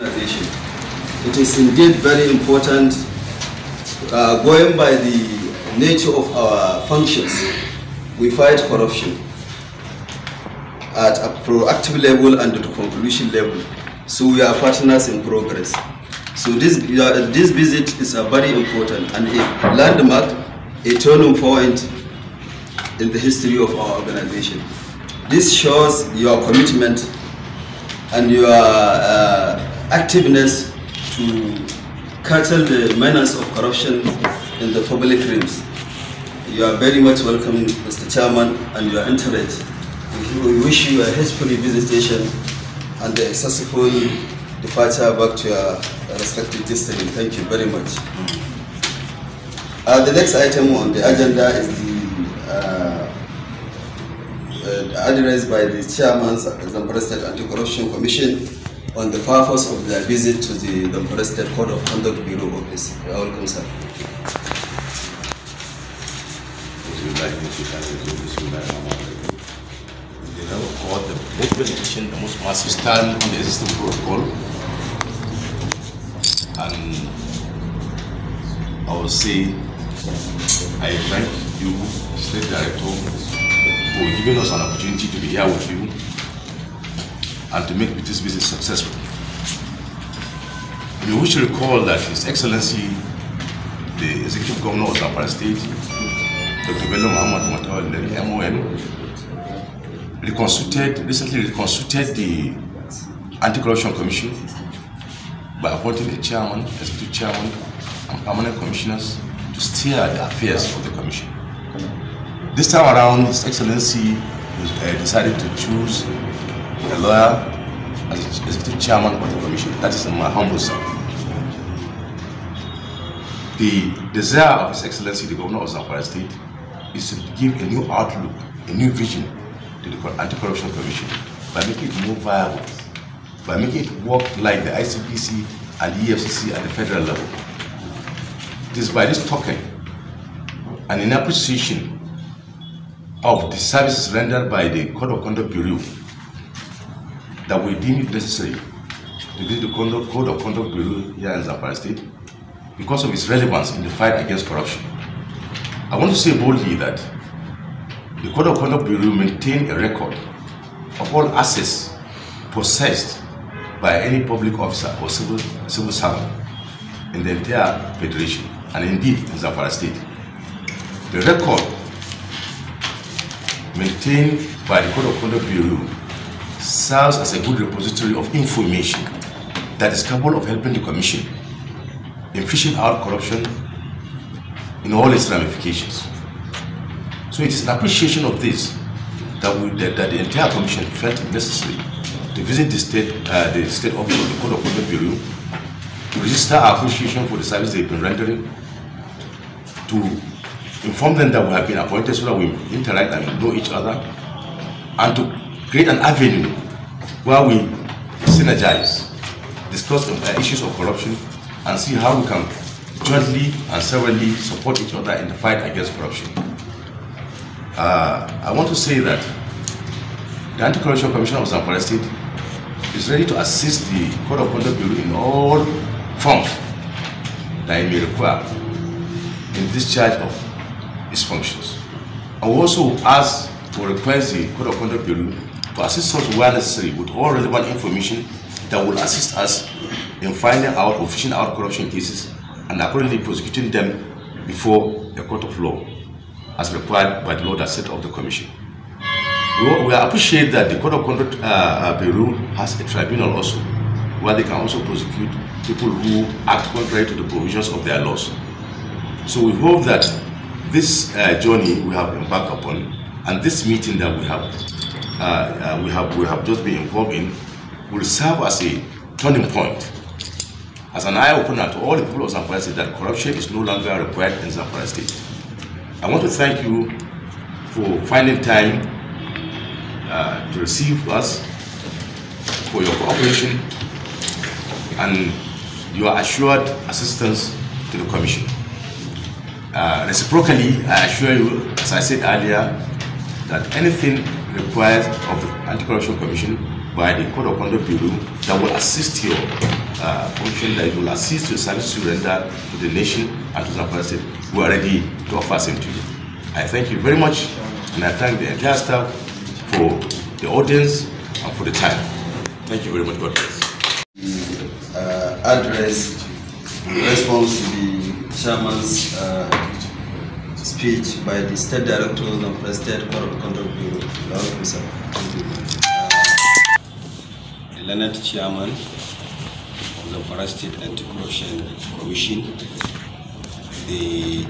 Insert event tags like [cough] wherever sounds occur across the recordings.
It is indeed very important uh, going by the nature of our functions. We fight corruption at a proactive level and at the conclusion level. So we are partners in progress. So this, uh, this visit is a very important and a landmark, a turning point in the history of our organization. This shows your commitment and your uh, activeness to curtail the menace of corruption in the public realms. You are very much welcome, Mr. Chairman, and your entourage. We wish you a healthful visitation and a successful departure back to your respective destiny. Thank you very much. Uh, the next item on the agenda is the uh, uh, address by the Chairman of the State Anti-Corruption Commission on the purpose of their visit to the Zamfara State Code of Conduct Bureau office. You are welcome, sir. They have called the implementation the most massive stand on the existing protocol. And I will say, I thank you, State Director, for giving us an opportunity to be here with you and to make this business successful. We wish to recall that His Excellency, the Executive Governor of Zamfara State, Dr. Bello Muhammad Matawal, the MON, recently consulted the Anti-Corruption Commission by appointing a chairman, executive chairman, and permanent commissioners to steer the affairs of the commission. This time around, His Excellency uh, decided to choose the lawyer as executive chairman of the commission. That is my humble self. The desire of His Excellency the Governor of Zamfara State is to give a new outlook, a new vision to the Anti-Corruption Commission by making it more viable, by making it work like the ICPC and the EFCC at the federal level. It is by this token and in appreciation of the services rendered by the Code of Conduct Bureau that we deem it necessary to give the Code of Conduct Bureau here in Zapara State because of its relevance in the fight against corruption. I want to say boldly that the Code of Conduct Bureau maintain a record of all assets possessed by any public officer or civil, civil servant in the entire federation and indeed in Zapara State. The record maintained by the Code of Conduct Bureau serves as a good repository of information that is capable of helping the Commission in fishing out corruption in all its ramifications. So it is an appreciation of this that, we, that, that the entire Commission felt necessary to visit the State, uh, the state Office of the Code of Conduct Bureau to register our appreciation for the service they've been rendering, to inform them that we have been appointed so that we interact and know each other, and to create an avenue where we synergize, discuss uh, issues of corruption, and see how we can jointly and severally support each other in the fight against corruption. Uh, I want to say that the Anti-Corruption Commission of Zamfara State is ready to assist the Code of Conduct Bureau in all forms that it may require in discharge of its functions. I also ask to request the Code of Conduct Bureau to assist us where necessary with all relevant information that will assist us in finding out or fishing out corruption cases and accordingly prosecuting them before a court of law as required by the law that set up the commission. We, we appreciate that the Code of Conduct uh, Bureau uh, has a tribunal also where they can also prosecute people who act contrary to the provisions of their laws. So we hope that this uh, journey we have embarked upon and this meeting that we have uh, uh, we, have, we have just been involved in will serve as a turning point, as an eye-opener to all the people of Zamfara State that corruption is no longer required in Zamfara State. I want to thank you for finding time uh, to receive us, for your cooperation, and your assured assistance to the Commission. Uh, reciprocally, I assure you, as I said earlier, that anything requires of the Anti-Corruption Commission by the Code of Conduct Bureau that will assist your uh, function, that will assist your service to render to the nation and to the State. who are ready to offer same to you. I thank you very much and I thank the entire staff for the audience and for the time. Thank you very much. God bless. The uh, address response to the chairman's uh, speech by the State Director of the State Corrupt Control Bureau, along with uh, the Learned Chairman of the Forest State Anti-Corruption Commission, the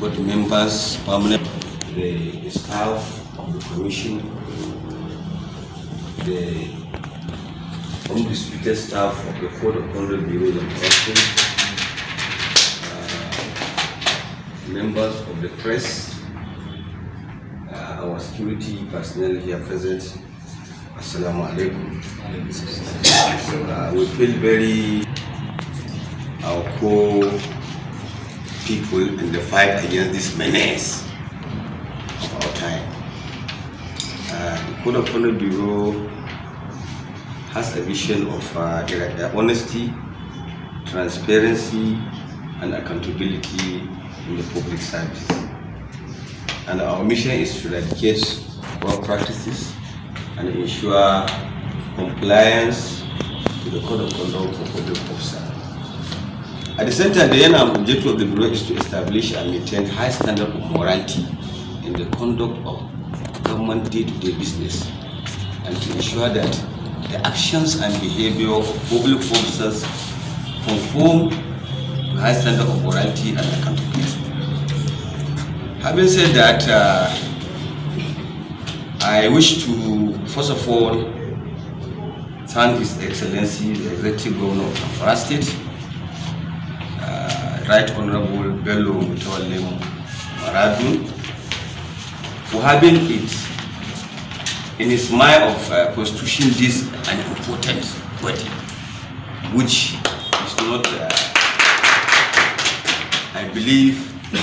board members, permanent, the, the staff of the commission, the undisputed staff of the Code of Conduct Bureau of Corruption, members of the press, uh, our security personnel here present, Assalamu alaikum. Uh, we feel very our core people in the fight against this menace of our time. Uh, the Code of Conduct Bureau has a vision of uh, honesty, transparency, and accountability in the public service. And our mission is to eradicate wrong practices and ensure compliance to the code of conduct of public officers. At the same time, the end objective of the Bureau is to establish and maintain high standard of morality in the conduct of government day to -day business and to ensure that the actions and behavior of public officers conform to high standard of morality and accountability. Having said that, uh, I wish to, first of all, thank His Excellency, the Executive Governor of Afra State, uh, Right Honorable Bello Mutawalem Maradun, for having it in his mind of uh, constitution this an important body, which is not, uh, I believe,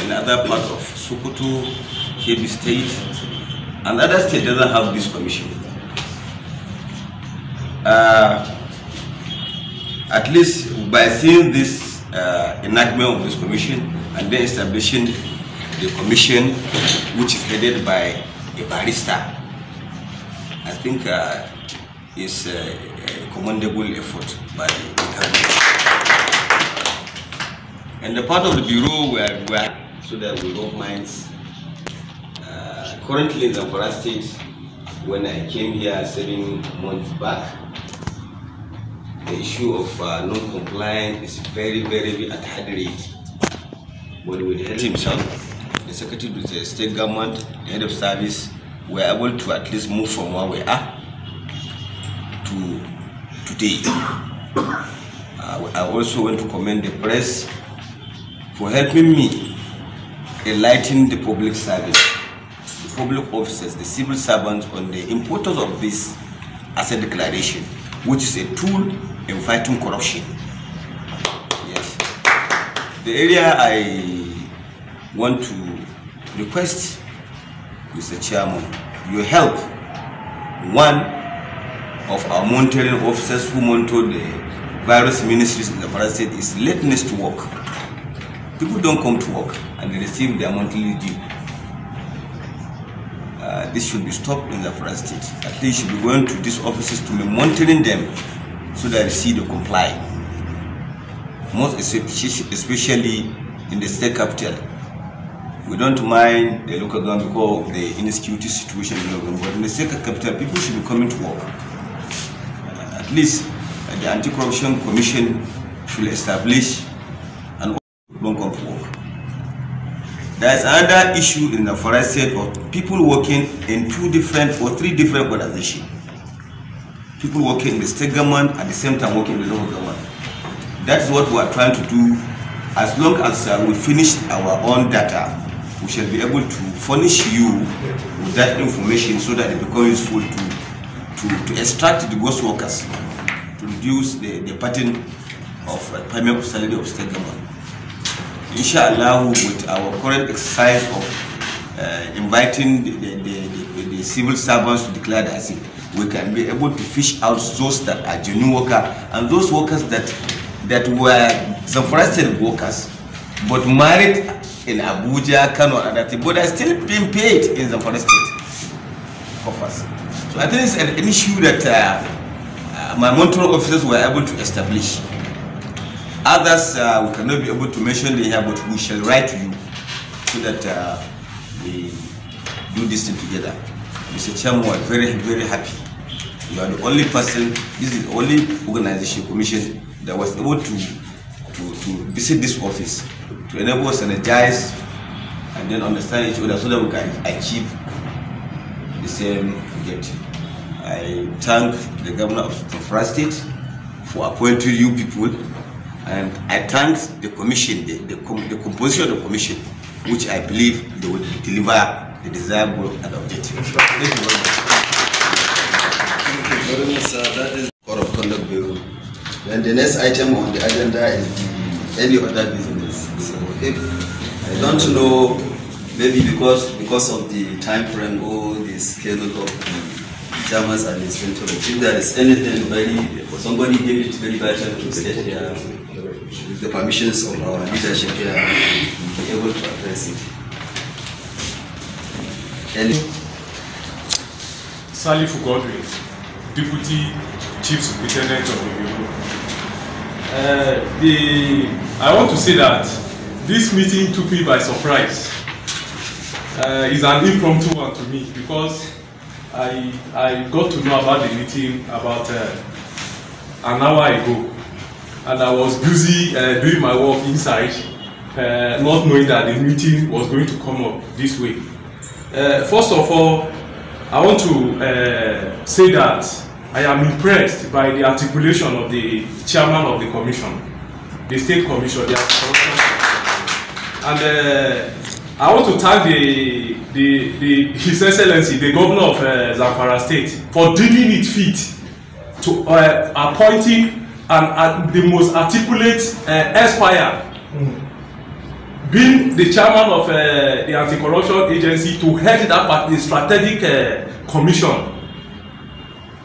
in other part of to Kebbi State, and other state doesn't have this commission. Uh, at least by seeing this uh, enactment of this commission and then establishing the commission which is headed by a barrister, I think uh, is a, a commendable effort by the government. And the part of the bureau where we are so that we do minds. Uh, currently in Zamfara State, when I came here seven months back, the issue of uh, non-compliance is very, very at high rate. But with help himself, the secretary with the state government, the head of service, we were able to at least move from where we are to today. Uh, I also want to commend the press for helping me enlighten the public service, the public officers, the civil servants on the importance of this asset declaration, which is a tool in fighting corruption. Yes. The area I want to request, Mr. Chairman, your help. One of our monitoring officers who monitor the various ministries in the parliament State is lateness to work. People don't come to work and receive their monthly due. Uh, this should be stopped in the first state. At least should be going to these offices to be monitoring them so that they see the comply. Most especially in the state capital. We don't mind the local government because the insecurity situation in Ogun, but in the state capital, people should be coming to work. Uh, at least uh, the Anti-Corruption Commission should establish There is another issue in the forest state of people working in two different or three different organizations. People working in the state government at the same time working in the local government. That is what we are trying to do. As long as uh, we finish our own data, we shall be able to furnish you with that information so that it becomes useful to, to, to extract the ghost workers, to reduce the, the pattern of uh, payment salary of state government inshallah with our current exercise of uh, inviting the, the, the, the, civil servants to declare the asset, we can be able to fish out those that are genuine workers and those workers that that were subforested workers but married in Abuja, Kano, and that, but are still being paid in the state coffers. So I think it's an, issue that uh, uh my Montreal officers were able to establish. Others uh, we cannot be able to mention them here, but we shall write to you so that uh, we do this thing together. Mr. Chairman, we are very, very happy. You are the only person, this is the only organization commission that was able to, to, to visit this office to enable us energize and then understand each other so that we can achieve the same objective. I thank the governor of Kofra State for appointing you people and I thank the commission, the, the, com the composition of the commission, which I believe they will deliver the desirable and objective. Thank you very much. Thank you very much, sir. That is Code of Conduct Bill. And the next item on the agenda is any other business. So if I don't know, maybe because because of the time frame or the schedule of the chairman's administrator, if there is anything very, somebody gave it very vital to state here with the permissions of our leadership here, be able to address it. And Sally Godwin, Deputy Chief Superintendent of the Bureau. Uh, the, I want to say that this meeting took me by surprise. Uh, it's an impromptu one to me because I, I got to know about the meeting about uh, an hour ago. and I was busy uh, doing my work inside, uh, not knowing that the meeting was going to come up this way. Uh, first of all, I want to uh, say that I am impressed by the articulation of the chairman of the commission, the state commission. and uh, I want to thank the, the, the His Excellency, the governor of uh, Zamfara State, for dealing it fit to uh, appointing and uh, the most articulate uh, aspire mm. being the chairman of uh, the anti-corruption agency to head that part the strategic uh, commission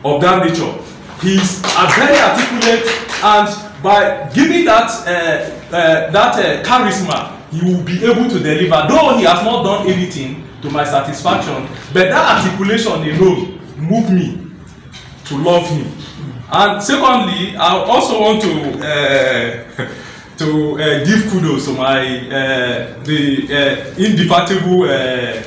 of that nature he is uh, very articulate and by giving that uh, uh, that uh, charisma he will be able to deliver though he has not done anything to my satisfaction but that articulation alone move me to love him And secondly, I also want to uh, [laughs] to uh, give kudos to my uh, the uh, indefatigable uh,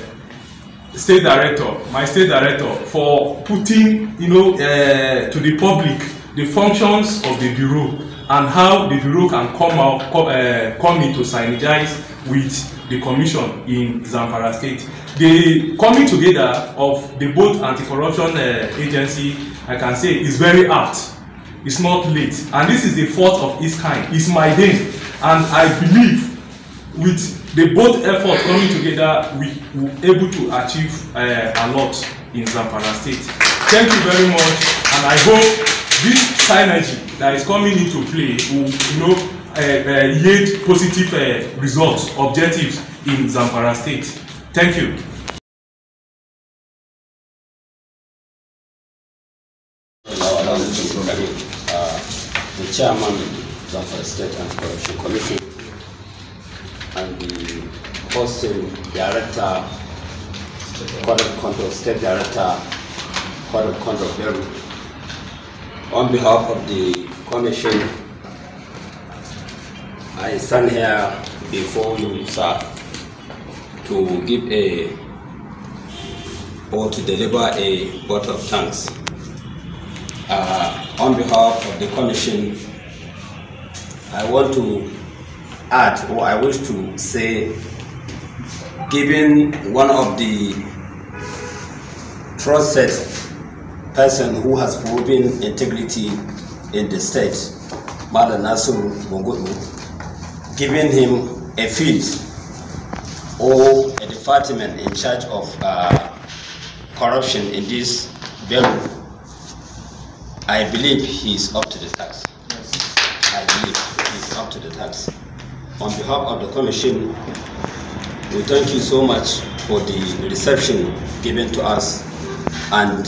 state director, my state director, for putting you know uh, to the public the functions of the bureau and how the bureau can come out come, uh, come into synergize with the commission in Zamfara state. The coming together of the both anti-corruption uh, agency I can say is very apt. It's not late. And this is the fourth of its kind. It's my day. And I believe with the both efforts coming together, we were able to achieve uh, a lot in Zamfara State. Thank you very much. And I hope this synergy that is coming into play will, you know, uh, uh, yield positive uh, results, objectives in Zamfara State. Thank you. chairman of the State Anti-Corruption Commission and the hosting director, Code of Control, State Director, Court of Control Bureau. On behalf of the Commission, I stand here before you, sir, to give a or to deliver a vote of thanks. Uh, on behalf of the Commission, I want to add or I wish to say, given one of the trusted person who has proven integrity in the state, Madam Nasir Bongodu, giving him a field or a department in charge of uh, corruption in this building I believe he is up to the task. Yes. I believe he is up to the task. On behalf of the Commission, we thank you so much for the reception given to us and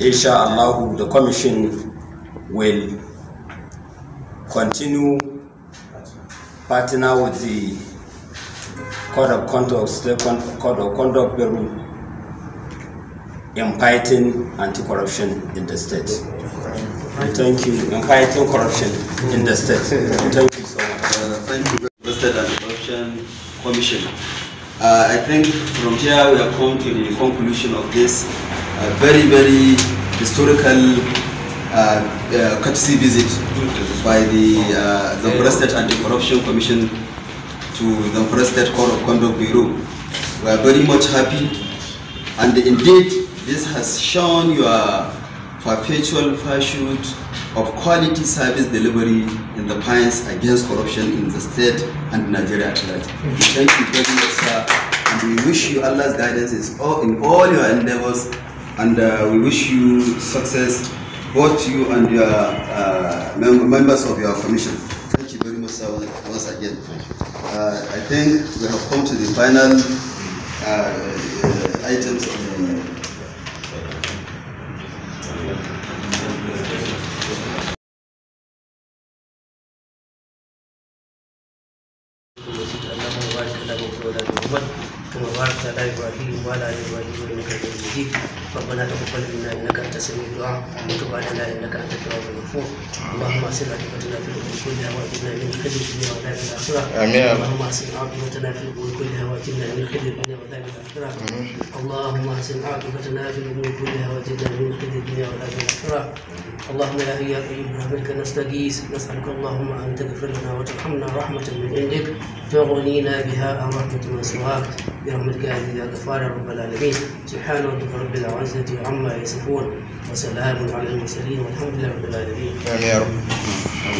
inshallah the Commission will continue partner with the Code of Conduct, Code of Conduct Bureau in fighting anti-corruption in the state. thank you in fighting corruption in the state. Thank you so much. Uh, thank you, the State Anti-Corruption Commission. Uh, I think from here we have come to the conclusion of this uh, very, very historical uh, uh, courtesy visit by the uh, Forest State Anti-Corruption Commission to the State Court of Conduct Bureau. We are very much happy and indeed this has shown your perpetual pursuit of quality service delivery in the fight against corruption in the state and Nigeria at large. Thank you very much, sir. And we wish you Allah's guidance in all your endeavors. And uh, we wish you success, both you and your uh, mem members of your commission. Thank you very much, sir, once again. Uh, I think we have come to the final uh, items سميع الدعاء وتب علينا انك انت التواب الغفور اللهم اسر عاقبتنا في الامور كلها واجبنا من خير الدنيا وعذاب الاخره اللهم اسر عاقبتنا في الامور كلها واجبنا من خير الدنيا وعذاب الاخره اللهم اسر عاقبتنا في الامور كلها واجبنا من خير الدنيا وعذاب الاخره اللهم يا حي يا قيوم برحمتك نستغيث نسالك اللهم ان تغفر لنا وترحمنا رحمه من عندك تغنينا بها عن رحمه من يوم القيامة يا غفار رب العالمين سبحان ربك رب العزة عما يصفون وسلام على المرسلين والحمد لله رب العالمين آمين يا رب